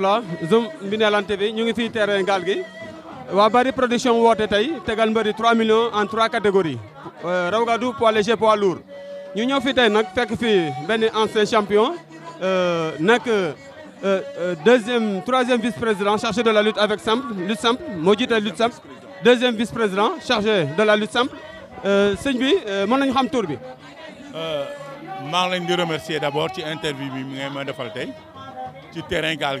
rahmatullah zoom Mbinelane TV ñu ngi terrain gaal production woote tegal 3 millions en 3 catégories euh, raw poids léger poids lourd Nous avons fait tey nag fekk fii ancien champion euh, nekk euh, deuxième troisième vice président chargé de la lutte avec simple lutte simple moo lutte simple deuxième vice président chargé de la lutte simple sëñ bi mon nañu xam tour bi je d'abord ci interview bi de ngay ma sur le terrain gaal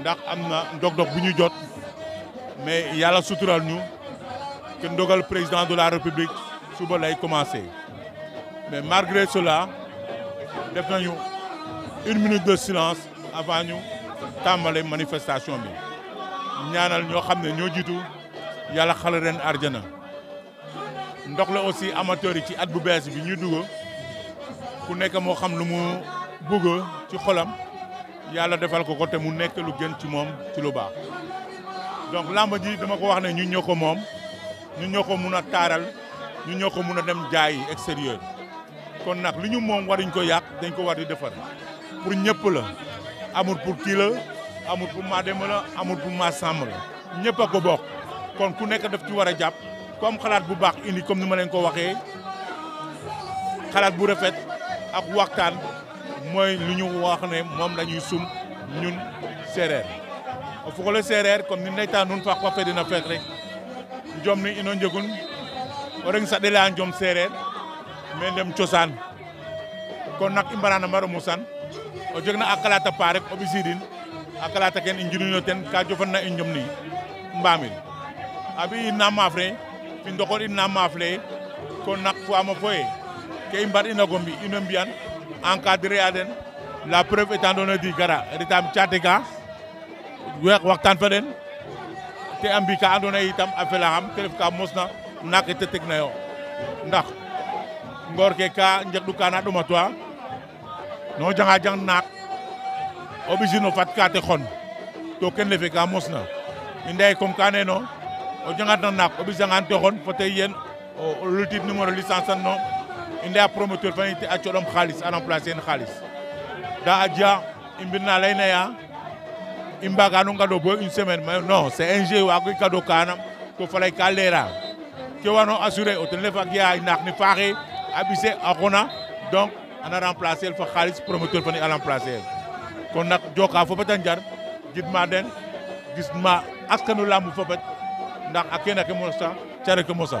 ndax avons ndog mais yalla ñu que Le président de la république suba commencé mais malgré cela def une minute de silence avant ñu tambalé manifestation bi ñaanal ño xamné ne Nous yalla ren ndox la aussi amateurs ci at bu bi ñu ku nekk yalla defal ko ko te mu nekk lu gën ci mom ci lu baax donc làmb ji dama ko wax ne ñun ñoko mom ñun ñoko mëna taral ñun ñoko mëna dem jaay extérieur kon nak li ñu moom waruñ ko yak dañ ko war di defar pour ñëpp la amul pour ki la amul pour ma dem la amul pour ma sàmm la ñëpp ko bok kon ku nek daf ci wara japp comme xalaat bu baax indi comme ni ma leen ko waxé xalaat bu rafet ak waxtaan mooy lu ñu wax ne moom la sum ñun séeréer o fogole séeréer comme ni ndeyta nun faak fa fedena feek rek jom ni ino njegun o reng saɗe leya jom séeréer ndem cosaan kon nak i mbarana mbaro mosan o jegna a kalata pa ken i njirño jofanna i ni mbamin a ɓi maaf re fi ndoxor in maaf le kon nak fo amo fo ke i mbar ina go mbiyan encadré aden la preuve étant di gara retam caate ka waxtaan fa den te a mbi andoona yee itam a felaxam te ref ka mosna naak ke te yo ndax ngoor ke ka njeɗu kana ɗomatuwa no janga naak o ɓisin fat ka xon to ken lefe ka mosna i ndaa comme ka andoona yee o naak o ɓisangaan te xon fo te yen o lutit numéro licence an no inda promoteur fana a coɗom khalis a remplacer en khalis da a dia i mbirna layna ya i mbagano ngado bo une semaine mais non c'est un jeu wagoy kado kana to falay ka leera ke wano assurer o ten ref a ge'a naak ne faaxe a ɓise a xona donc ana remplacer el fa xaalis promoteur fani a remplacer el kon nak joka fopet a njar gidma den gisma askanu lamb fopet ndax a kene ke mosa care ke mosa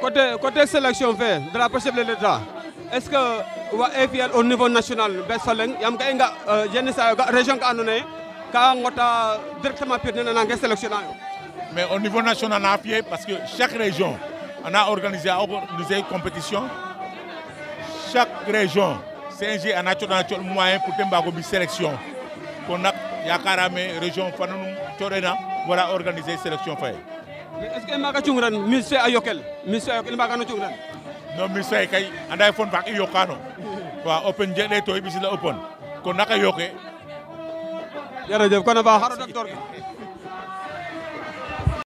côté côté sélection fait de la de lettre, est-ce que au niveau national Il y a une région qui a yee quand directement pu nene nange mais au niveau national on a fait parce que chaque région on a organisé a une compétition chaque région CNG un naturellement moyen pour faire une sélection Il y a une région qui a organisé une sélection fait. est-ce que i maaga cungran mise fe a yokel mise fe a yokel i mbaagano cungran non mise fe kay anda ye fon faak i yokaano waaw o pen jeɗe to i ɓisila o pon kon naka yoke jarajef kon a faax xar o daktor ke